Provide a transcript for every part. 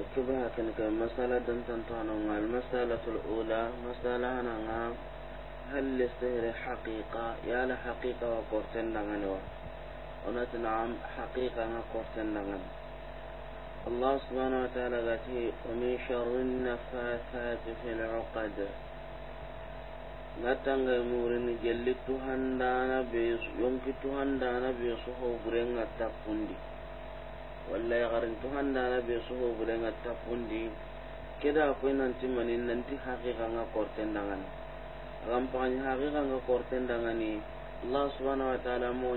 اتباع كنك مسألة دنتن تانونا المسألة الأولى مسألة أنا نعم. هل للسهر حقيقة يا لحقيقة وقرتن لغنوا ونت نعم حقيقة وقرتن لغن الله سبحانه وتعالى قال ومن شر النفاثات في العقد natanga murini jelli tuhandana be yonki tuhandana be soho burenga takundi walla garin to na be soho bulenga tafundi keda nan nanti mani ti haqiqa nga korten dangan agam pani haqiqa nga korten dangani allah subhanahu wa ta'ala mo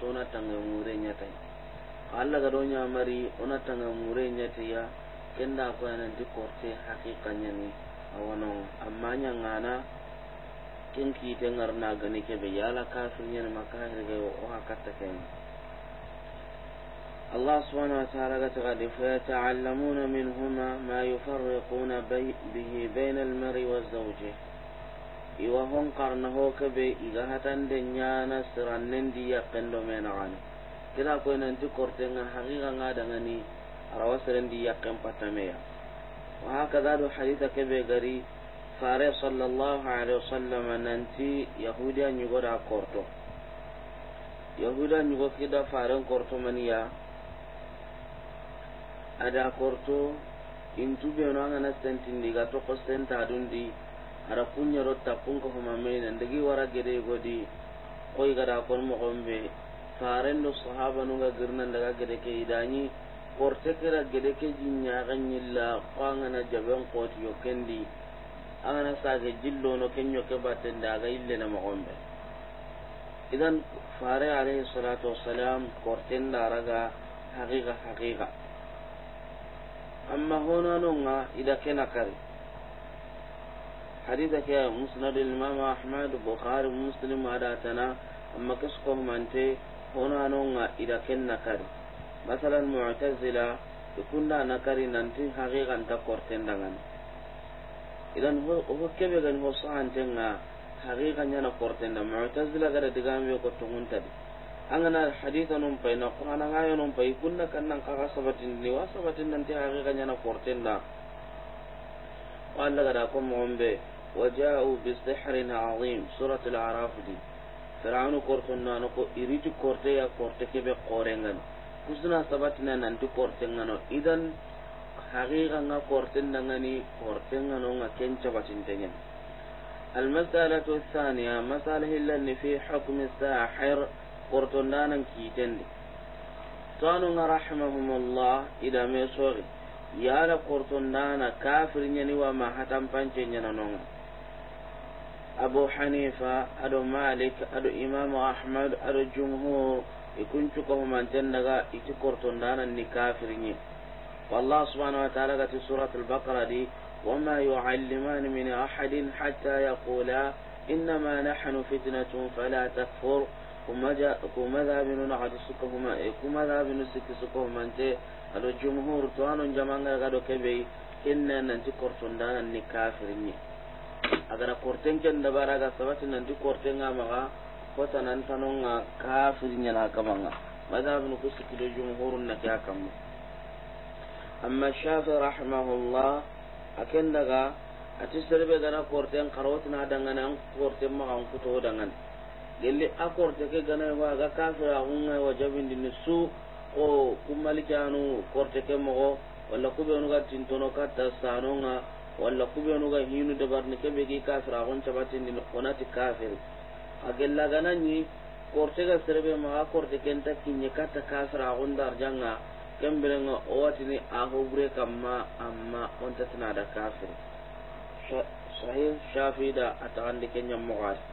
to na tanga mure tay allah ga do nyamari ona tanga mure nyati ya kenda ko ti korte haqiqa ni awano amma kin ki tengar na gani be yala kafir ni makahir ga o hakata kenni الله سبحانه وتعالى قال فيتعلمون منهما ما يفرقون بي به بين المرء وزوجه iwa hon karna ho kebe iga hatan de nyana sirannen di yakken do menagani kira ko nanti korte nga hakika nga dangani arawa siran di yakken patameya wa hakaza do haditha kebe gari fare sallallahu alaihi wasallam nanti yahudiya nyugo da korto yahudiya nyugo kida faren korto maniya ada korto intu be no ngana sentin diga to kostenta dundi ada kunya ro pun ko ma me nan digi wara gede godi koy gada kon mo gombe faren do sahaba no ga girnan daga gede ke idani korte kera gede ke jinya ganyilla qanga na ko koti yo kendi anga na sage jillo no kenyo ke baten daga ille na mo gombe idan fare alayhi salatu wassalam korten daraga haqiqa haqiqa amma hona honanonga ida kena kari haditha ke musnad imam ahmad bukhari muslim adatana amma kisko mante honanonga ida kenna kari masalan mu'tazila ikunna nakari nanti haqiqan ta dangan idan ho kebe gan ho sahantenga haqiqan yana kortenda mu'tazila gara digame ko tungunta angana haditha num pay na qur'ana ngaya num pay kunna kan kannan kaga sabatin ni wa sabatin nan ta haqiqa nyana fortenna walla gada ko mombe waja'u bi sihrin azim surat al-a'raf di fir'aunu na no ko iriti korte ya korte kebe qorengan kusna sabatina nan tu kortengano idan haqiqa nga korten dangani kortengano nga kenca batintenya المسألة الثانية مسألة اللي في حكم الساحر kortondanan kitende toanunga rahimahumullah idame sori yala kortondana kafir ñani wa ma hatanpance ñananonga abu hanifa ado malik ado imamu ahmad aɗo jumhur ikuncukahumanten daga iti kortondanan ni kafir ñi والله سبحانه وتعالى في سورة البقرة دي وما يعلمان من أحد حتى يقولا إنما نحن فتنة فلا تكفر kuma ja kuma na hadu suka kuma e kuma da binu suka suka kuma te ado jumhur to anon jamanga ga do kebe kinna nan ti korton da nan ni kafirin ni aga da korten ken da bara ga sabati nan ti korten ga maga kota nan tanon ga kafirin ni na kamanga madhabun ku suka do jumhurun na ke kya kamma amma shafi rahimahullah akan daga ati serbe gana korten karawtin adangana korten magan kuto dangana gelli te ke gana so ya hun wa jabin din su ko kumali kanu korte ke wala ku be onuga tintono ta sanonga ku be onuga hinu dabarni kebe ki kafira hon cabatindi onati kafiri agella gana ni korte ga serebe maga korte kenta kinye katta kafira hon a kembelenga owatini ahobure kamma amma da kafiri sahih shafi da mo kenyammogati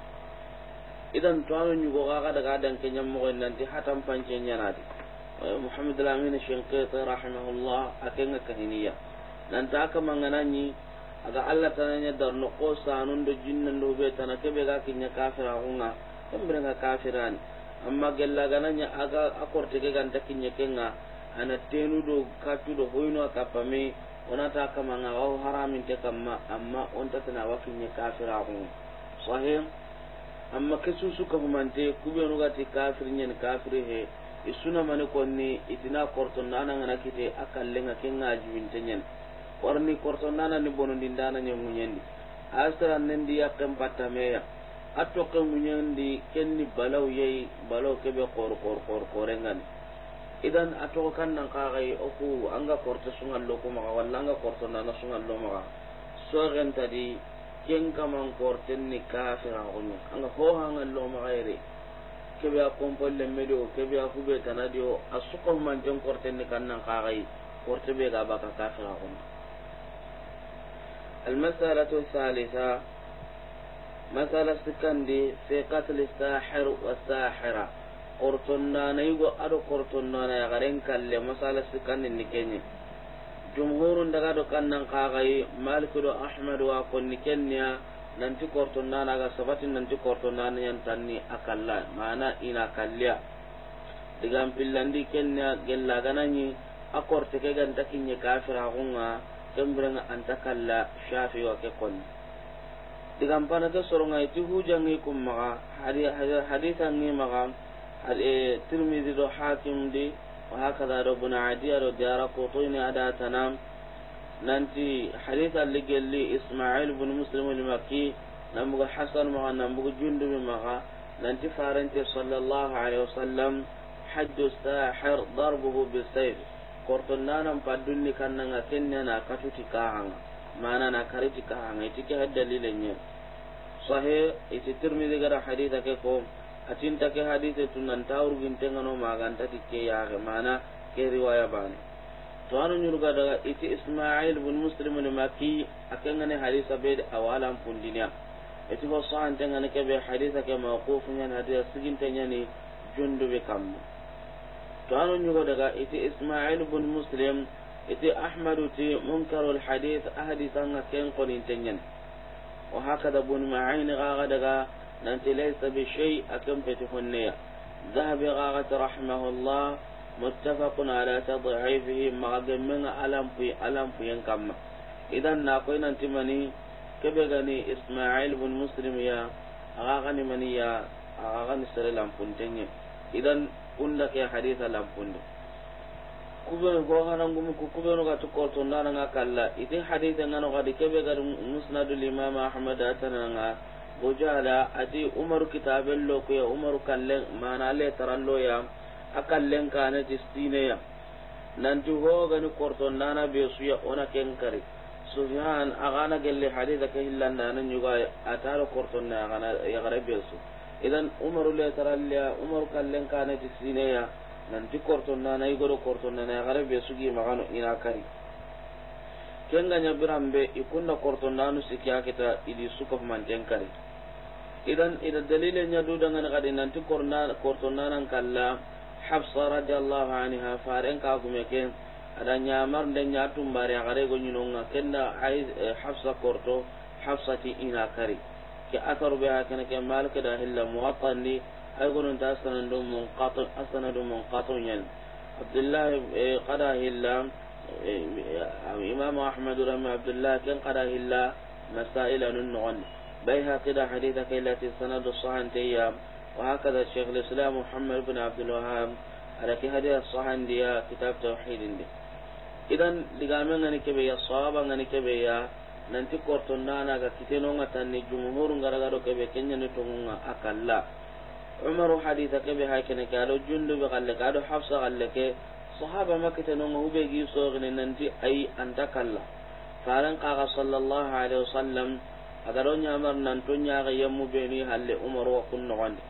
idan ni ñugo ga daga danke ñammoxoy nanti hatan panceñanadi mohamed lamin chenkete rahimahullah a nan ta ka mangana ni aga allah dar darno ko sanun jinnan sanundo jinnando ɓe ke be ga kiña kafiraxunga kafira kafiran amma gellagananya aga akorti kortege ganta kiña kenga ana do ka tu do hoyno a ka onata kamanga haramin ta kamma amma ontatana awa kiña kafiraxunga sahih amma kesu mante kube nuga gati kafir nyen kafir he isuna mani konni itina korton nana ngana kite akallenga kenga jibinte nyen warni korton nana ni bonondi ndana nyen munyendi asra nendi yakem patameya atto ke munyendi kenni balaw yei balaw kebe kor kor kor korengani idan atto kan nan kagai oku anga korto sungallo kuma walla anga korton nana sungallo lokuma so di. ken kaman korten ni kafir a kunu an ga ko han allo ma gaire ke biya kompol le medo ke biya ku be kanadio man jon korten ni kannan ka gai korte be ga ba ka kafir a kunu al masalatu thalitha masala sikandi fi qatl sahir wa sahira korton na nayo ado korton na ya garen kalle masala sikandi ni kenye jumhurun daga do kannan kagai malik do ahmad wa konni kenya nanti korton nana ga sabatin nanti korton na yan tanni akalla mana ina kalliya diga pillandi kenya gella gananyi akorte ke ganta kinye kafira gunga kembrenga antakalla shafi wa ke konni diga pana to soronga itu hujangi kumma hadithan ni maga eh, tirmidhi do hakim di وهكذا ربنا عدي لو ديار قطيني أدا تنام ننتي حديثا لقل لي إسماعيل بن مسلم المكي نمغ حسن مغا نمغ جند مغا ننتي فارنتي صلى الله عليه وسلم حج الساحر ضربه بالسيف قرطنا نم فدني كان نغا كننا كتوتي كاهن معنى نكرتي كاهن يتكي هدى لي صحيح يتترمي ذكر حديثك كوم atinta ke hadise tunan tawru gintengano maganta tikke yaxe mana ke riwaya bane to anu ñuruga daga iti ismail bin muslim ni maki akengani hadisa bede awalan pundinia iti fo ke be hadisa ke mawqufu ñani hadisa siginte jundu be kam. to anu ñugo daga iti ismail bin muslim iti ahmadu ti munkarul hadis ahadisanga ken koninteñani wa hakada bun ga xaxa daga ننت ليس بشيء أكم فتفنية ذهب غاغة رحمه الله متفق على تضعيفه ما من ألم في ألم في ينكم إذا ناقين أنت مني كبغني إسماعيل بن مسلم يا أغاغني مني يا أغاغني سر لامفنتين إذا عندك يا حديث لامفنتين kubenu ko hana ngum ku kubenu ga tukol to ndana nga kala ite مسند الإمام أحمد dikebe ga bojala ati umaru kitaben lo kuya umaru kallen mana le tarallo ya akallen kane tistine ya nanti hogani korton dana be suya ona ken kari sufyan agana gelle haditha ke hillandana nyuga ataro korton na agana yagare be su idan umaru le taralliya umaru kallen kane tistine ya nanti korton dana igoro korton dana yagare be su gi magano ina kari kenga nyabirambe ikunna korton danu sikya kita idi sukof manten kari idan ida dalile nya du dengan kadi nanti korna kortonanan kalla habsa radhiyallahu anha faren ka gumeke ada nyamar den nyatum bare gare go nyinonga kenda habsa korto habsati ina kari ke asaru be hakana ke malik da hilla muwatta ni ay gonun ta sanadu munqati asanadu munqati yan abdullah qada hilla imam ahmad rami abdullah kan qada hilla masaila nun nuqani بيها كده حديثك التي سند الصحن تيام وهكذا الشيخ الإسلام محمد بن عبد الوهاب على كهدي الصحن ديا كتاب توحيد دي إذن لقامنا نكبيا الصحابة نكبيا nanti kortondana ga kitenonga tanni jumhuru ngaragado kebe kenyani tongunga akalla umaru haditha kebe hakene ke ado jundubi galle ke ado hafsa galle ke sahaba makitenonga hube gi sogini nanti ayi anta kalla faran kaga sallallahu alaihi wasallam agado ñamar nanto ñaxe yemmu beni halle umaru wa kun noxondi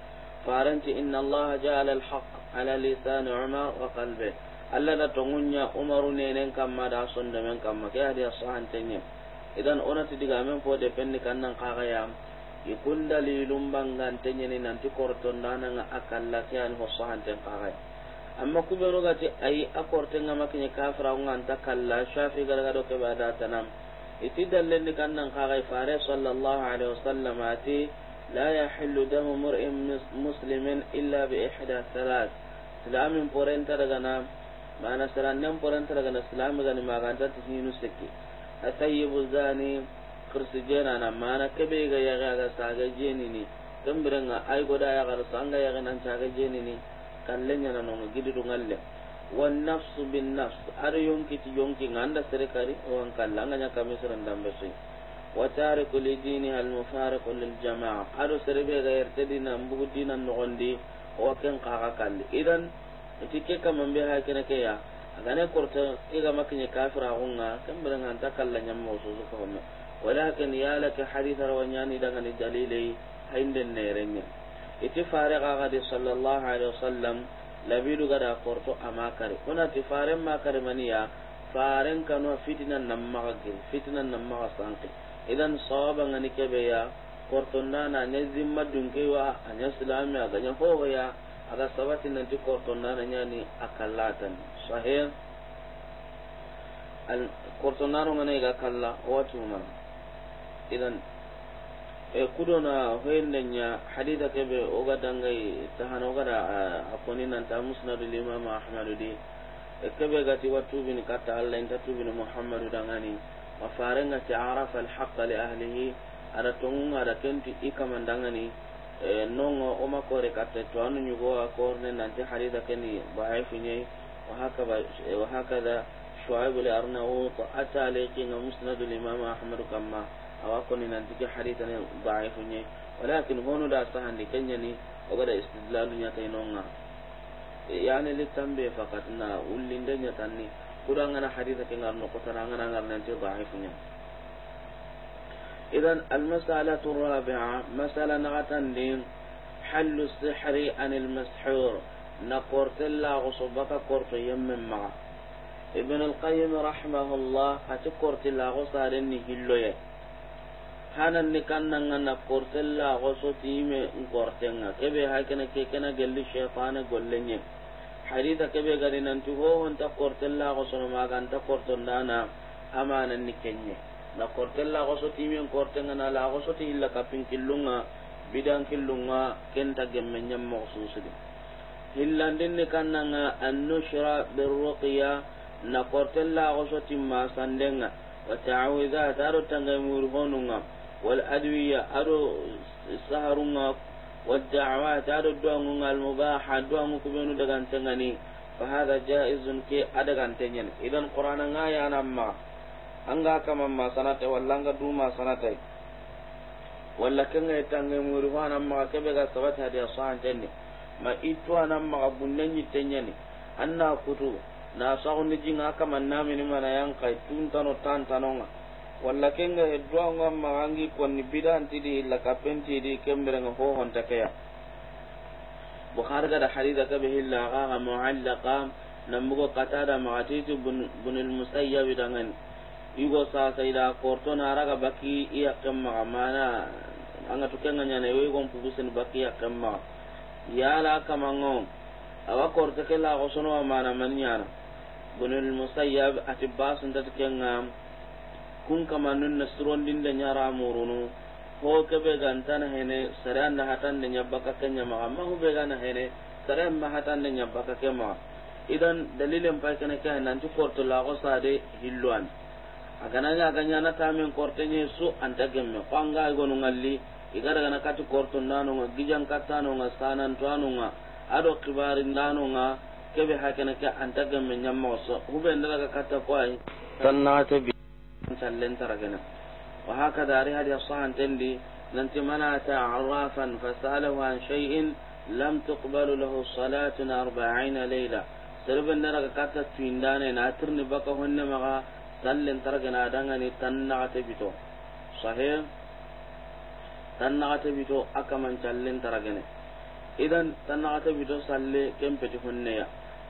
faranti inna allaha jaala alhaq ala lisani umar wa qalbe allah da tongunya umaru nenen kamma da da sondomen kamma ke hadi sahantenye idan onati diga men fo de penni kannan kaga yam ikun dalilum bangantenye ni nanti korton dananga akalla ke an ho sahanten kaga yam amma kubenu gati ayi akortenga makinye kafra ta kalla shafi gargado ke bada tanam iti ni kannan kaxay fare sallallahu alaihi wasallam ati la yaxillu damu mur'in muslimin illa bi ihda thalath silamin porenta daga dagana mana sirannen porenta daga dagana silami gani maganta tisinu sikki atayibu zani kirsi jenana mana kebe ga ya ga saga jeni jenini tambirenga ay goda ya garsa ya yaga nan saga jenini kallenya na nonga gidi ngalle wan nafsu bin nafs ar yonki yonki nganda sere kari wan kallanga nya kami seran dambe sui wa tariku li dini al mufariqu jamaa aro sere be ga yerte dina mbugu dina nogondi wa ken kaga kalli idan itike kamambe ha kene ke ya agane korta iga makinye kafira gunga kambere nganta kallanya mo susu ko me walakin ya laka haditha dalilai sallallahu labidu gada korto amakari ti faren makari maniya faren kano fitinan nan magage fitinan nan maga sanke idan sawaba ngani kebe ya korto ndana ne zimma dunke wa anya silami a nya hoga ya aga sabati nan ti korto ndana nyani akallatan sahih al korto ndana ngani ga kalla watu idan e kudona hoyendenya haditha kebe oga dangai sahana oga da akoni ta musnadu limam ahmadu di e kebe gati bin kata allah inta bin muhammadu dangani wa farenga ti arafa alhaqa li ahlihi ada tongunga ada kenti ikaman dangani e nongo oma kore kata to anu nyugo akorne nanti haditha keni dhaifu nyai wa hakaba wa hakada shuaib al-arnaut ata alayhi musnadu limam ahmadu kamma awa koni nanti ke hadithani daifu nye walakin honu da sahandi kenyani ogada istidlalu nyata inonga yani litambe fakat na ullinde nyatanni kudangana haditha ke ngarno kotana ngana ngarna nte daifu nye idan almasalatu rabi'a masala nagatan din حل السحر عن المسحور نقرت الله غصبك قرت يمن معه ابن القيم رحمه الله هتقرت الله غصار النهلوية hanan ni kannan na kortella wasu time in kortenga kebe kana ke kana gelli shefane gollenye haditha kebe gari nan tu ho on ta kortella wasu ma gan ta korton dana amanan ni kenye na kortella wasu time in kortenga na la wasu ti illa kapin killunga bidan killunga kenta gemmenya mo susudi hillandin ni kannanga annushra birruqiya na kortella wasu timma sandenga wa ta'awidha taro tangamur murhonunga والأدوية أدو سهرنا والدعوات أدو دوام المباحة الدوام كبير دغان تنغني فهذا جائز كي أدغان تنين إذا القرآن غاية نما أنغا كما ما سنتي ولا دوما سنتي ولا كنغا يتنغي موريوانا ما كبيرا سبت هذه الصحان تنين ma ittuwana maga bunnanyi tenyani anna kutu na sagundi jinga kama namini mana yankai tuntano tantanonga walla kenga hedduwango magangi konni bidantidi tidi kappentidi kemberenga ho hontakeya bukhari gada hadida kabe hilla agaga muallaqa nambugo qatada magatiti bunil musayyabi dangani igo sasa ida na araga baki iya maga mana anga tukenga nyana yo igon pugusin baki iyakken maga yala kamango awa korte kella gosono mana man nyana bunil musayyab ati basun tatkenga kun nun na din da nyara murunu ho kebe gantana hene saran da hatan da nyabbaka kenya ma amma hu be gana hene saran ma hatan da nyabbaka ma idan dalilin fa kana kai nan ti korto la go sade hilwan agana nya ganya na tamen ne su anta gemme kwanga gonu ngalli igara gana kati korto nano nga gijan ta nga sanan anu nga ado kibari nano nga kebe hakana ka anta gemme nyamma so hubenda daga kata kwai sanna ta سلن تركنا وهكذا رهد يصحن تندي ننت من أتى عرافا فسأله عن شيء لم تقبل له صلاة أربعين ليلة سرب النرق قتت في اندانة ناترن بقى هن مغا سلن تركنا دنغني تنغت بتو صحيح تنغت بتو أكمن سلن تركنا إذن تنغت بتو سلي كم بتو هنيا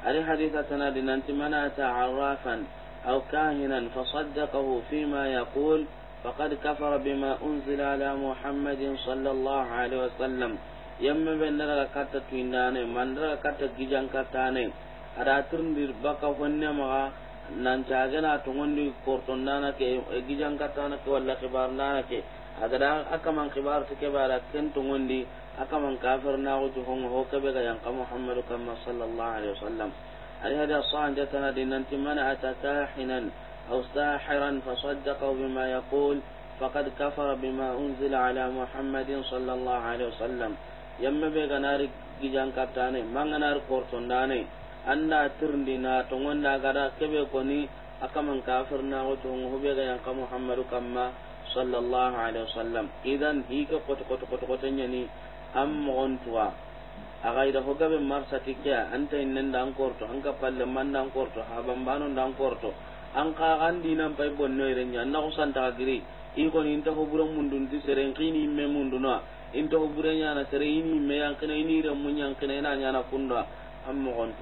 أري حديثتنا لننت من أتى عرافا أو كاهنا فصدقه فيما يقول فقد كفر بما أنزل على محمد صلى الله عليه وسلم يم من نرى كتا من نرى جيجان كتاني أرى ترندير بقى فنما نانتاجنا تغني كورتون نانك جيجان كتانك ولا خبار نانك أدرى أكمن خبار تكبارا كن تغني أكمن كافر ناوجه هو كبير ينقى كما صلى الله عليه وسلم أي هذا صاعدة لأن أنت من أتى كاحنا أو ساحرا فصدقه بما يقول فقد كفر بما أنزل على محمد صلى الله عليه وسلم بيغ نار جيجان كابتاني مانغنار كورتونداني أنا ترندنا دا غدا كبه كوني أكمن كافرنا هو بيغ ينقى محمد كما صلى الله عليه وسلم إذن هيك قط قط قط قط أم غنتوا agayda ho gabe marsa tikya anta innan da an korto an ka palle man da an korto haban bano da an korto an ka an dinan pay bonno ire nya na usan ta giri i ko ni ta ho buran mundun ti seren kini me munduna in ta ho buran nya na sere ini me yan kana ini re mun yan kana ina nya na kunda am mo gonto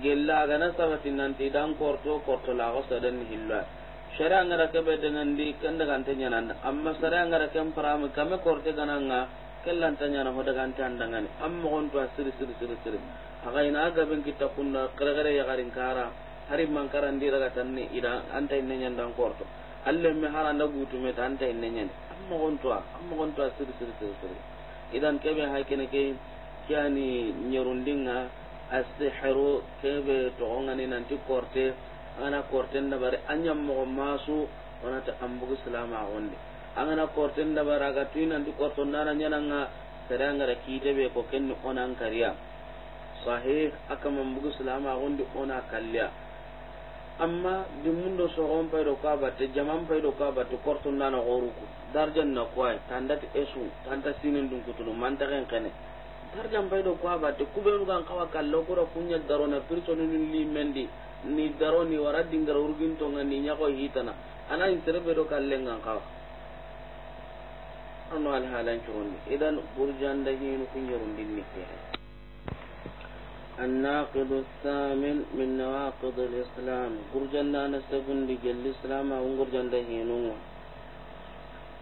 gella ga na sabatin nan ti dan korto korto la go sadan hilla sharia ngara ka danan di kanda kan tanya nan amma sharia ngara kan param kame korte gananga kellan tanya na modaga antan dangane amma gon to asiri siri siri siri aga ina aga ben kita kunna kare kare ya garin kara hari mankara ndira ga tanne ida antai nenyen dan korto alle me haranda gutu me ne tantai nenyen amma gon to amma gon to asiri siri siri siri idan kebe hakene ke kyani nyerundinga asihru kebe to ngani nanti korte ana korten da bare anyam mo masu wana onata ambugu salama onde angana korten da baraga tuinan di korton dara nyananga seranga da kite be ko kenni onan kariya sahih aka mambugu salama gondi ona kalliya amma dimmundo sogon pay do ka batte jaman pay do ka batte korton dana goruku darjan na kwai ti esu tanda sinin dun kutulu manta ken kene darjan pay do ka batte kubenu kan kawa kallo kura kunya darona pirtonu ni mendi ni daroni ni wara urgin to ngani nyako hitana ana intere be do kallengan kawa anno alhalan curundi idan burjanda hinu kunjerundin nikkehen الناقض الثامن من نواقض الإسلام قرجنا نستفن لجل الإسلام ونقرجن دهينوه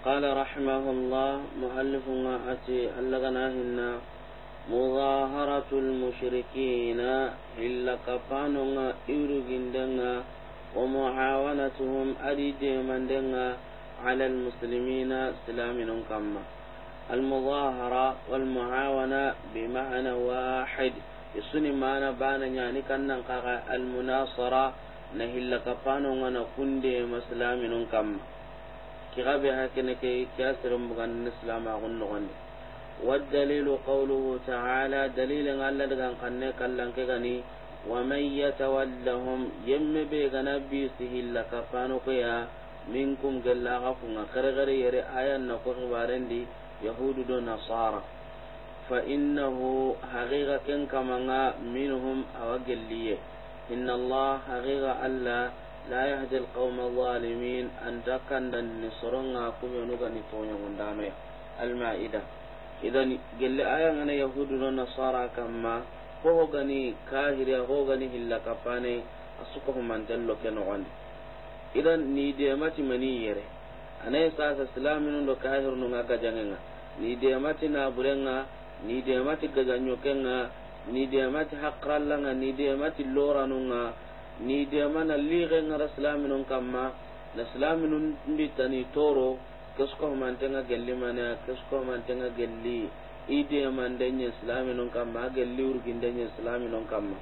قال رحمه الله مؤلف ما أتي ألغناهن مظاهرة المشركين إلا كفانونا إيرجن دنا ومعاونتهم أريد من دنا على المسلمين سلام كما المظاهرة والمعاونة بمعنى واحد يسني أنا بانا يعني كان المناصرة نهل كفانو وانا كندي مسلام كما كغابي هكذا كي كاسر مغن اسلام اغن غني والدليل قوله تعالى دليل على لغن ان قني كغني ومن يتولهم يم بيغنا بيسه لكفانو كيا minkum gella gafu nga kare kare yare ayan na ko barendi yahudu do nasara fa innahu haqiqa ken kamanga minhum awagelliye inna allah haqiqa allah la yahdi alqawma adh-dhalimin an takandan ni soronga ku benu ga ni tonyo ngondame almaida idan gelle ayan ne yahudu do nasara kamma ko gani kahiriya ko gani hilla kapane asuko mandello ken wandi idan ni de mati mani yere anay sa sa salamin do kahir no ga janenga ni de mati na burenga ni de mati gaganyo kenga ni de mati haqralla nga ni de mati loranu nga ni de mana lire nga on kamma na islamin ndi tani toro kesko mantenga gelli mana kesko mantenga gelli ide mandanya salamin on kamma gelli urgindanya salamin on kamma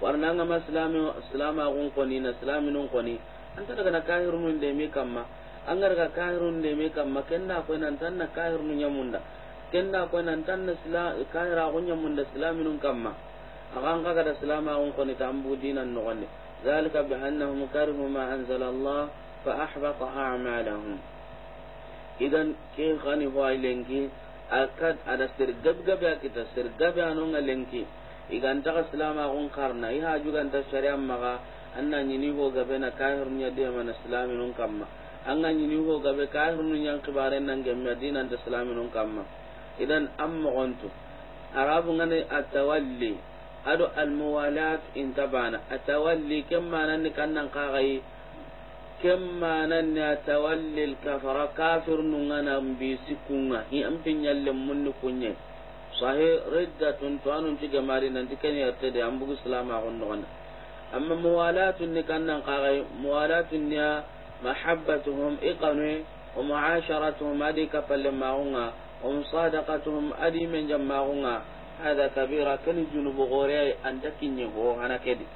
warna nga ma islami islama gun koni na salamin on koni anta daga na kahirun nun de mi kamma an garga kahirun da mi kamma kenda ko nan tan na kahirun mun da kenda ko nan tanna sila kahira ko yamunda mun kamma akan ka kada silama on ko ni tambu dinan no ne zalika bi annahum karimu ma anzala Allah fa ahbata a'malahum idan ke khani ho lenki akad ada sir gabgabe kita sir gabya no lenki iganta ka silama on karna iha juga ta syariam maga anna nyini ho gabe na kahir nya de man islami non kamma anna nyini ho gabe kahir nun yang kibare nan ge dina da islami non kamma idan amma gontu arabu ngane atawalli ado almuwalat intabana atawalli kamma nan nan kagai kamma nan ya tawalli alkafara kafir nun ngana mbi sikunga hi ampin yalle munni kunye sahi riddatun to anun ci gamari nan tikani yarte da ambugu salama gon non amma muwalatun ni kannan kagai muwalatun ya mahabbatuhum iqanu wa mu'asharatuhum adi kafalle maunga wa musadaqatuhum adi men jammaunga hada kabira kan junubu gore an takinye ho hana kedi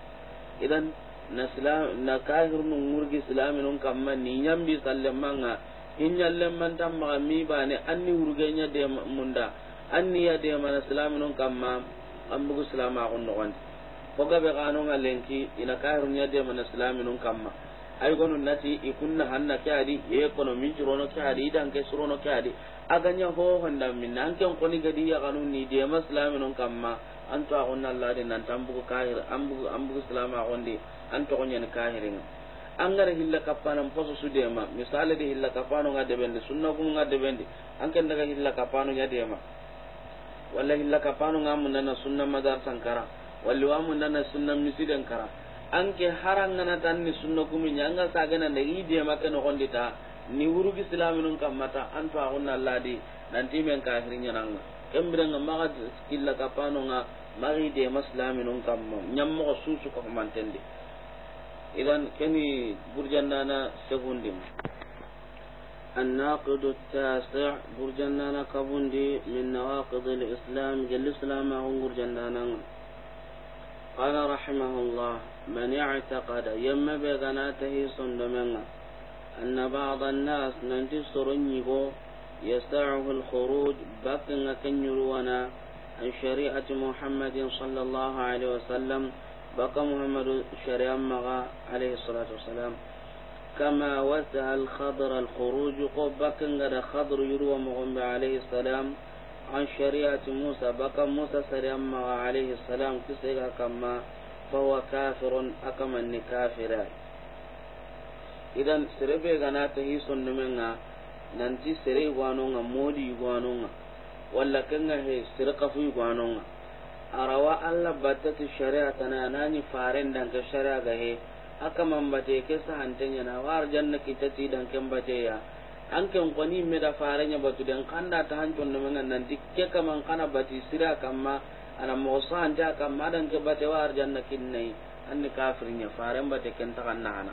idan na islam na kahir nun murgi islamin nun kamma ni nyambi sallemanga in yallen man tamma mi ba bane anni urgenya de munda anni ya de man islamin nun kamma an bugu islama kun no fogabe ganon alenki ina kahirunyademana silaminun kamma aygonu nati ikunna hanna kadi yekono mincirono kadi idanke surono kadi aganya hohondammin anken koni gadi yaganu ni dema silaminun kamma anto agonna alladi nanta anbugu kahir anbugu anbugu silama agondi antogonyani kahiringa angara hilla kappanan poso su dema misali de hilla kappano nga debendi sunna gumu nga debendi anken daga hilla kappano nya dema walla hilla kappano nga munana sunna madar sankara walli wa mun nan sunna misidan kara anke haran nana tan ni sunna kuminya sa sagana da ide maka no gonde ta ni wuru islaminun kam mata an fa gonna ladi nan ti men kafirin nan ma maga skilla pano nga magi de maslaminun kam nyam mo susu ko tendi idan kani burjannana segundim الناقد التاسع برجنانا كبندي من نواقض الإسلام جل إسلام هون برجنانا قال رحمه الله من اعتقد يما بغناته صندمنا أن بعض الناس ننتصر نيغو يسعه الخروج بقنا كنيروانا عن شريعة محمد صلى الله عليه وسلم بقى محمد شريعة مغا عليه الصلاة والسلام كما وسع الخضر الخروج قبك قد خضر يروى مغنب عليه السلام عن شريعة موسى بقى موسى سلام عليه السلام كسيها كما فهو كافر أكما النكافر إذا سربي غناته سنمنا nanti sere yugwanonga modi yugwanonga walla kenga he sere kafu yugwanonga arawa allah battati sharia tana nani faren danke sharia ga he akaman bate ke sahantenya na war janna kitati an kwani me da nya batu den kanda ta hanjon da mangan nan dikke kaman kana bati sira kamma ana mosa anja kamma dan ke bate war janna kinnai anni kafirin ya fara bate ken ta kanna ana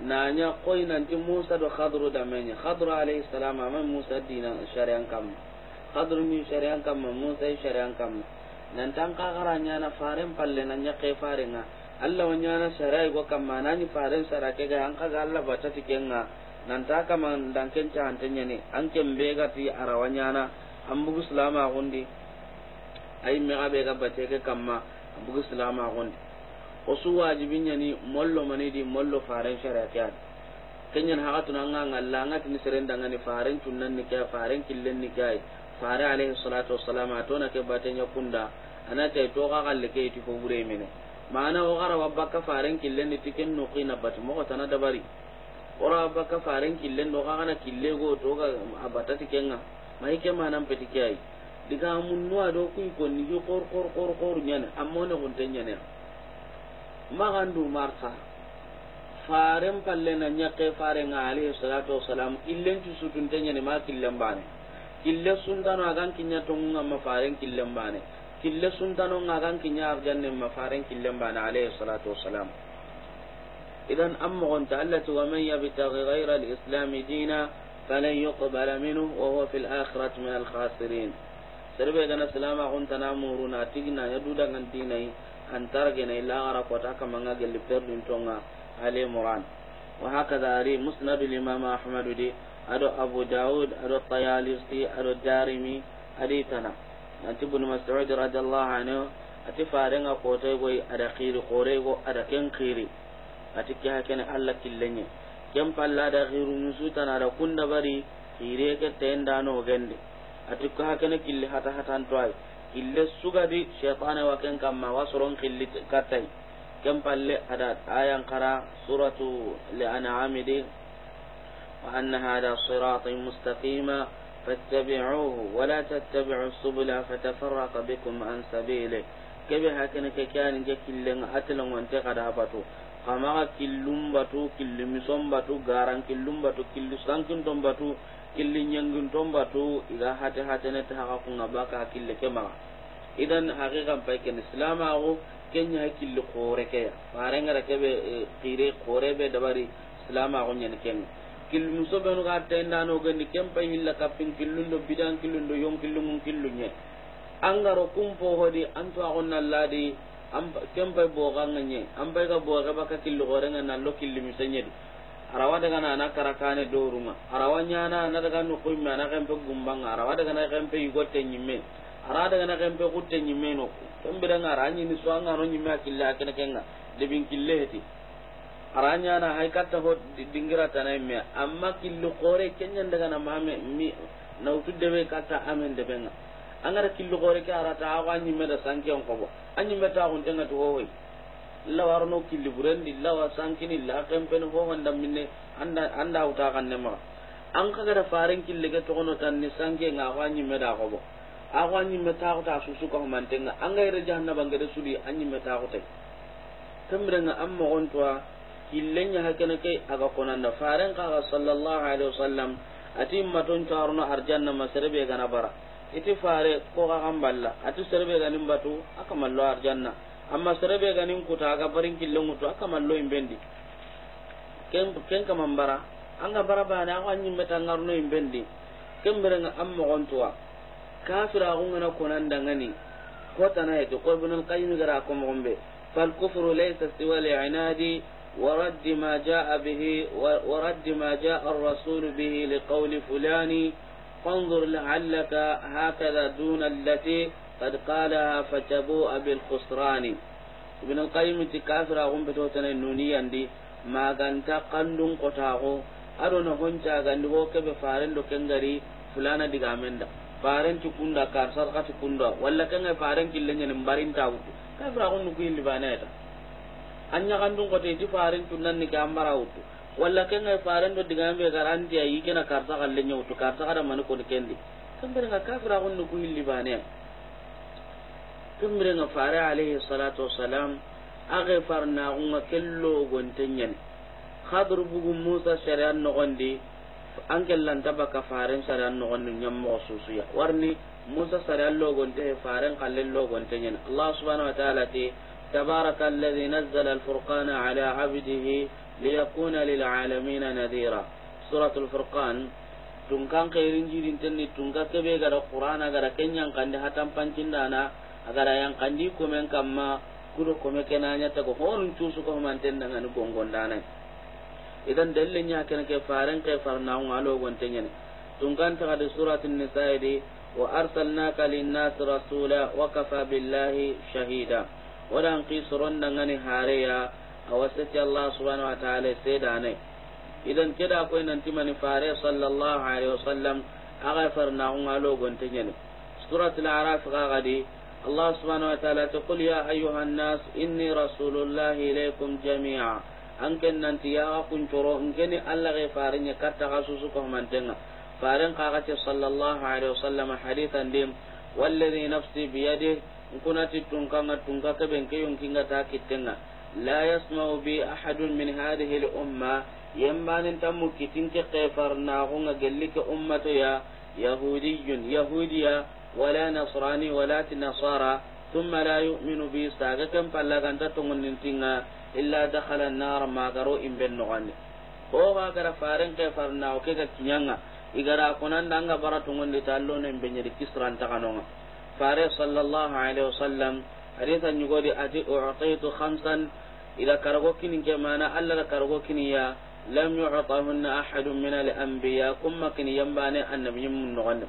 nanya koi nan ti musa do khadru da menya khadru alaihi salam amma musa dina shari'an kam khadru ni shari'an kam musa shari'an kam nan tan ka garanya na faran palle nan ya ke farenga Allah yi sarai go na nani faran sarake ga an kaga Allah bata tikenga nan ta kama dan kenta hantanya ne an bai ga ti arawanyana an bugu salama gundi ai me abe ga ce ke kama an bugu salama gundi wasu wajibin ni mollo mani di mollo faran sarake kenyan hakatuna nga ngalla an tin serenda da ni faren tunnan ni kay faren killin ni kay fare alaihi salatu wassalam atona ke ya kunda yi to ga galle ke ti ko bure mene maana wa gara wabba ka faren killen ni tiken no qina batu mo ko tana dabari ora wabba ka faren killen no kana kille go to ga abata tikenga mai ke manan petike ai diga mun nuwa do ku ko ni yo kor kor kor kor nyane ammo ne kun tan nyane magandu marta faren palle na nyake faren ali salatu wassalam illen tu sutun tan nyane ma killen bane kille sun dano agan kinya to mun amma faren killen bane kille suntano ngagan kinya arjanne mafaren kille bana alayhi salatu wassalam idan amma gonta allati wa man yabtaghi ghayra al-islam dina falan yuqbala minhu wa huwa fil akhirati min al-khasirin serbe gana salama gonta na muruna tigna ya duda ngan dinai antar gena illa ara kota kamanga gelle perdun tonga ale muran wa hakada ari musnad al-imam ahmad di ado abu daud ado tayalisi ado darimi adi tanah nanti bunu mas'ud radhiyallahu anhu ati a kotai goy ada khiri kore go ada ken khiri ati kya hakene Allah killenye kem palla da khiru musuta na da kunda bari khire ke tenda no gende ati kya hakene kille hata hatan toy kille sugadi shaytana wa ken kamma wasron khilli katai kem palle ada ayang kara suratu li an'amidi wa anna hada siratun mustaqima فاتبعوه ولا تتبعوا السبل فتفرق بكم عن سبيله kebe hakene ke kyani ke killen atelan wante kada batu kama killum batu killum som batu garan killum batu killu sankin tom batu killin yangin tom batu iga hate hate ne ta haka kun abaka kille ke ma idan hakikan pai ken islama go kenya killu kore ke ya fare ngara kebe qire kore be dabari islama killu so be no garta inda no gani kempa hilla kafin killu ndo bidan killu ndo yon killu mun killu nye angaro kumpo hodi antu agon na ladi kempa boga nganye ambay ga boga baka killu gore nga nalo killu mi senye di arawa daga na anakara kane dorunga arawa nyana na daga no kuyme anakempe gumbanga arawa daga na kempe yugote nyime ara daga na kempe kutte nyime no kembe da ngara anyini suanga no nyime akille akene kenga debin killeheti aranya na haikata ho dingira tanai me amma killu qore kenya daga na mame mi na utudde be katta amen de benga angara killu qore ke arata awa nyi meda sanke on kobo anyi meta on denga to hoy la warno killu burendi la wa sankini la kempen ho wanda minne anda anda uta kan ne ma an kaga da farin killu ga to ono tan ni sanke nga awa nyi meda kobo awa nyi meta ko ta susu ko mantenga angara jahannaba ngade sudi anyi meta ko tay tamrenga amma on to killen ya hakene ke aga konanda faran ka ga sallallahu alaihi wasallam ati maton charno arjanna masrebe gana bara iti fare ko ga gamballa ati serbe ganin batu aka mallo arjanna amma serbe ganin kuta aga barin killen mutu aka mallo imbendi ken ken kaman bara an ga bara bana ko anyi meta ngarno imbendi ken bereng amma gontuwa kafira gungana da ngani ko tanaye to ko ibn al gara ko mo gombe fal kufru laysa siwa al-inadi ورد ما جاء به ورد ما جاء الرسول به لقول فلان فانظر لعلك هكذا دون التي قد قالها فتبوء بالخسران ابن القيم تكافر أغم بتوتنا النونية دي ما غانتا قندن قطاغو أدو نهون تاغان دي فارن لو كنغري فلانا دي غامن دا فارن تكون دا كارسار قد تكون دا ولا كنغ فارن كلن ينبارين تاوتو كافر أغم نكوين لبانا anya kandun ko te ji farin nan ni ga mara wutu walla ken ga farin do diga be garanti ayi kena karta kallen nyu to karta kada man ko kendi kambere ga kafira on ku hilli bane kambere ga fare alaihi salatu wassalam age farna unga kello gontenyen khadru bugu musa shari'an no gondi an kellan daba ka farin shari'an no gondi susu ya warni musa shari'an lo gonde farin kallen lo gontenyen allah subhanahu wa ta'ala te تبارك الذي نزل الفرقان على عبده ليكون للعالمين نذيرا سورة الفرقان tunkan kairin jirin tanni tunka kebe gara qur'ana gara kenyan kandi hatan pancin dana agara yang kandi komen kamma kudo kome kenanya ta ko horun tusu ko manten danga ni gongon dana idan dalilin ya kana ke faran kai farna ngalo gontenyen tunkan ta da suratul nisaa di wa arsalnaka lin-nas rasula wa kafa billahi shahida wadan kisoron da gani hare ya a wasu ce Allah subhanahu wa ta'ala sai da ne idan ke akwai kwai nan timani fare sallallahu alaihi wasallam a gafar na un halo gwantin surat al-araf ga Allah subhanahu wa ta'ala ta kulya ya ayyuhan nas inni rasulullahi ilaikum jami'a an kan nan ti ya kun turo in gani Allah farin ya karta kasu su ko mantanga farin ka ga ce sallallahu alaihi wasallam hadithan dim walladhi nafsi bi nkunati tunkanga tunka keɓen ke yonkinga ta kittenga la yasmau bi ahadun min hadihi l umma yembanin tammu kitinke kefarnaxunga gelli ke ummatoya yahudiyun yahudiya wala nasrani walati nasara thumma la yuminu bi saga ken pallaganta tongonnintinga illa dakhala nar magaro imben noxandi hoxa gara faren kefarnaxo ke ga kiñanga igara konanda anga bara tongondi ta allonen beñedi kisrantaxanonga فاري صلى الله عليه وسلم حديثا يقول أتي أعطيت خمسا إلى كرغوكين جمانا ألا كرغوكين يا لم يعطهن أحد من الأنبياء كما كن ينباني النبي من نغن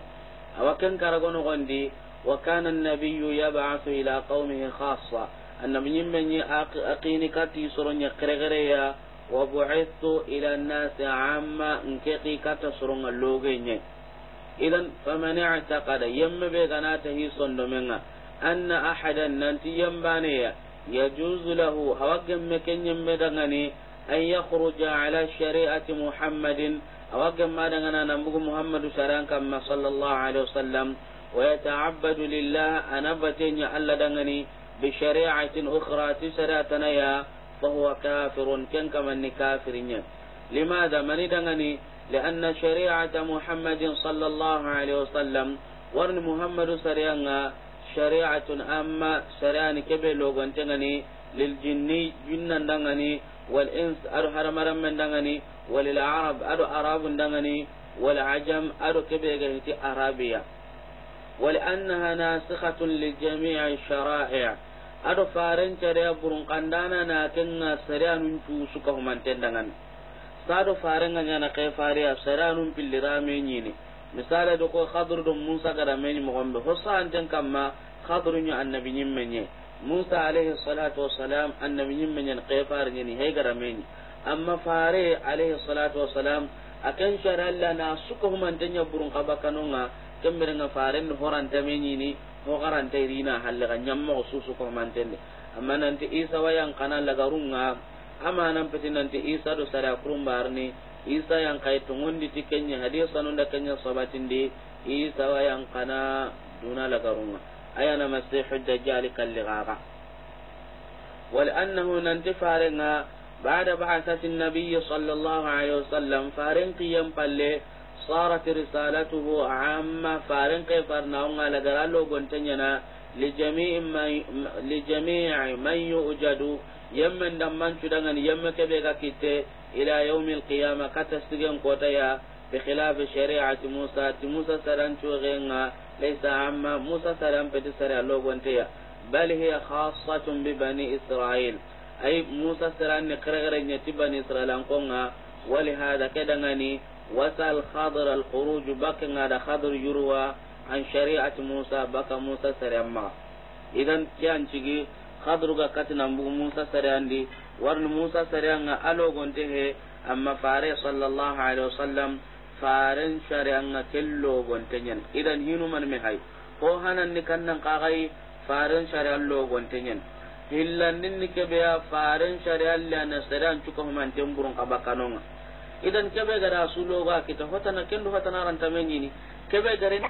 أو كان كرغون غندي وكان النبي يبعث إلى قومه خاصة النبي من أقيني كاتي سرون يقرغريا وبعثت إلى الناس عامة انكيقي كاتي سرون اللوغيني إذا فمن اعتقد يم بيغناته صن منها أن أحدا ننتي يمبانيا يجوز له هوقم مكن يم بيغني أن يخرج على شريعة محمد أوقم ما دغنا نمبغ محمد شران كما صلى الله عليه وسلم ويتعبد لله أنا بتين يحل دغني بشريعة أخرى تسراتنا فهو كافر كن كمن كافرين لماذا من دغني لأن شريعة محمد صلى الله عليه وسلم ورن محمد سريانا شريعة أما سريان كبير لوغن تغني للجني جنا دغني والإنس أرو حرم رمن دغني وللعرب أرو عرب دغني والعجم أرو كبير جهتي عربية ولأنها ناسخة لجميع الشرائع أرو فارن شريعة برنقندانا ناكنا سريان نشوسكهم أنتن دغني sado farenga nyana kay fare absaranum pillirame ne misali da ko khadru don musa gara meni mo gombe hossa anten kamma khadru nyu annabi nyim menye musa alaihi salatu wassalam annabi nyim menye kai fare nyini hay gara meni amma fare alaihi salatu wassalam akan sharalla na suka humantanya burun kabakanonga kemberenga fare ni horanta menyini ho garanta irina halle ga nyammo susu ko mantende amma nanti isa wayan kana lagarunga amanan nan ti isa do sada kurum ne isa yang kai tungundi ti kenya hadir da kenya sobatin di isa wa yang kana duna la garunga ayana masihu dajjal kalli gaga wal annahu nanti farenga ba'da ba'athati an-nabiy sallallahu alaihi wasallam farin qiyam palle صارت رسالته عامة فارنق فرناونا لقرالو قنتنينا لجميع, لجميع من يؤجد yemme ndammancu dangani yemme kebe ga kitte ila yaumi alqiyama kata sigen kotaya khilaf shari'ati musa ti musa genga laysa amma musa saran peti sare gonte ya bal hiya khassatun bi bani israil ay musa saranni xerexereñeti bani israil ankonga walihada kedangani wasa alkhadir alkhuruju bakkenga da khadir yurwa an shari'ati musa baka musa ma idan ke an cigi kadruga katina mbugu musa sareyandi warni musa sareyanga alogonte he amma fare sallallahu alaihi wasallam faren kello gonte nyen idan man me hay ko ni kannan kaxay faren sare gonte nyen hillandinni keɓeya faren sare allana sare an cukahumanten burun ka bakkanonga idan keɓe gada sulogo a kita hotana kendo hotana rantamenyini keɓe garin